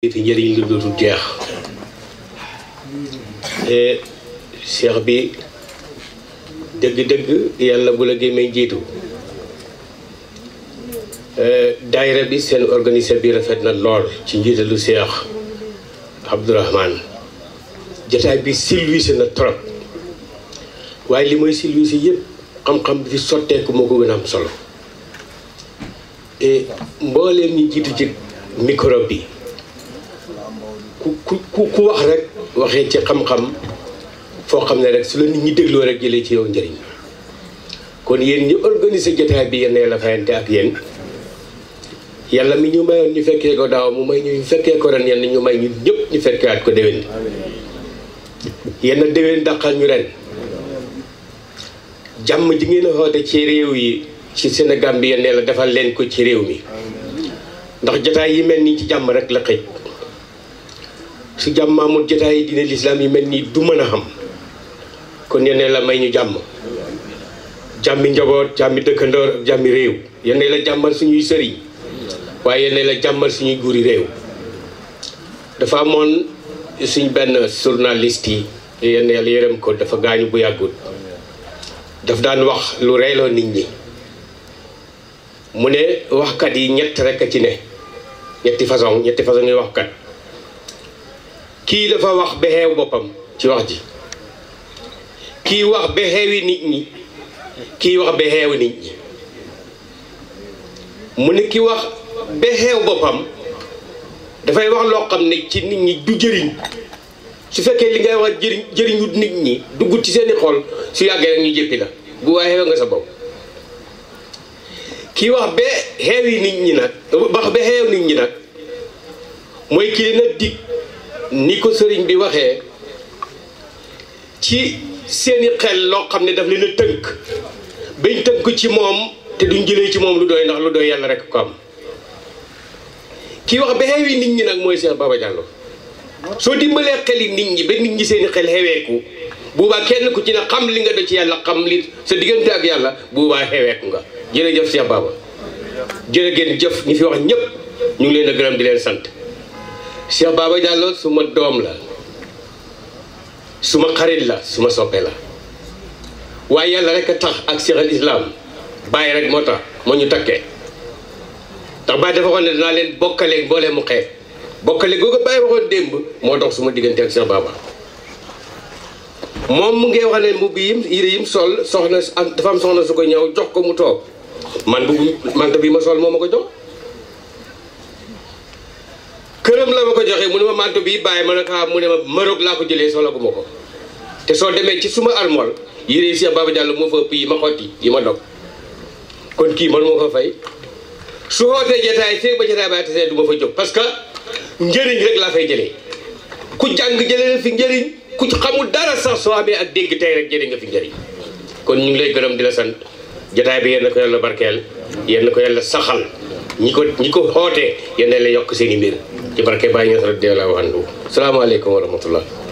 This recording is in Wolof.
te njëriñ lu dootul jeex te seex bi dëgg-dëgg yàlla bu la gémmee jiitu euh, daayira bi seen organisé bi rafet na lool ci njiitalu seex Abdourahman jataay bi silvise na trop waaye li mooy silvise yëpp xam-xam bi fi sotteeku moo ko gën a am solo et mbooleem ñi jiitu ci microbe bi ku ku ku wax rek waxee ci xam-xam foo xam ne rek su la nit ñi dégloo rek jëlee ci yow njariñ kon yéen ñu organiser jotaay bi yéen la fayante ak yàlla mi ñu mayoon ñu fekkee ko daaw mu may ñu fekkee ko ren yàlla ñu may ñu ñëpp ñu fekkaat ko déwén yenn déwén dàqal ñu ren jàmm ji ngeen a xoote ci réew yi ci Sénégal bi yéen la defal leen ko ci réew mi ndax jotaay yi mel nii ci jàmm rek la xëy su jàmm maamul jotaay dina lislaam yi mel ham? du mën xam kon yéen la may ñu jàmm jàmmi njaboot jàmmi dëkkandoor ak jàmmi réew yéen la jàmmal suñuy sëriñ waaye yéen la jàmmal suñuy guuri réew dafa amoon suñ benn journaliste yi yéen yàlla yërëm ko dafa gaañu bu yàggul daf daan wax lu reeloo nit ñi mu ne waxkat yi ñett rek ci ne ñetti façon ñetti façon kii dafa wax ba xeew boppam ci wax ji kii wax ba xeewi nit ñi kii wax ba xeew nit ñi mu ne ki wax ba xeew boppam dafay wax loo xam ne ci nit ñi du jëriñ su fekkee li ngay wax jëriñ jëriñut nit ñi duggut ci seeni xol su yàggee yi ñu la bu waaye xew nga sa bopp kii wax ba yi nit ñi nag wax ba xeew nit ñi nag mooy kii leen a dig ni ko sëriñ bi waxee ci seeni xel loo xam ne daf leen a tënk bañ tënk ci moom te duñ jëlee ci moom lu doy ndax lu doy yàlla rek ko am kii wax ba xewi nit ñi nag mooy Cheikh Baba Diallo soo dimbalee xeli nit ñi ba nit ñi seeni xel xeweeku buubaa kenn ku ci ne xam li nga do ci yàlla xam li sa diggante ak yàlla buubaa xeweeku nga jërëjëf Cheikh Baba jërë ngeen jëf ñi fi wax ñëpp ñu ngi leen a gërëm di leen sant Cheikh Baba Diallo suma doom la suma xarit la suma soppe la waaye yàlla rek a tax ak Cheikh al Islam bàyyi rek moo tax moo ñu takkee ndax bàyyi dafa waxoon ne danaa leen boo boolee mu xeeb bokkaleeg googu bàyyi waxoon démb moo dox suma diggante ak Cheikh Baba moom mu ngi wax ne mbubb yim yére yim sol soxna ak dafa am soxna su ko ñëw jox ko mu toog man bu manta bi ma sol moom ma ko jox këram la ma ko joxe mu ne ma manto bi bàyyi ma ne ko mu ne ma Maroc laa ko jëlee soxla gu ko te soo demee ci suma armol yére Cheikh Baba Diallo moo fa ëpp yi ma xotti yi ma dog kon kii man moo ko fay su xootee jataay feeg ba jataay ba tasee du ma fa jóg parce que njëriñ rek laa fay jëlee ku jàng jëlee fi njëriñ ku xamul dara sax soo amee ak dégg tey rek jëriñ nga fi njëriñ kon ñu ngi lay gërëm di la sant jataay bi yéen na ko yàlla barkeel yéen na ko yàlla saxal ñi ko ñi ko xootee yéen la yokk seen i mbir ci barke Baye Niass radiyallahu anhu salaamaaleykum wa rahmatullah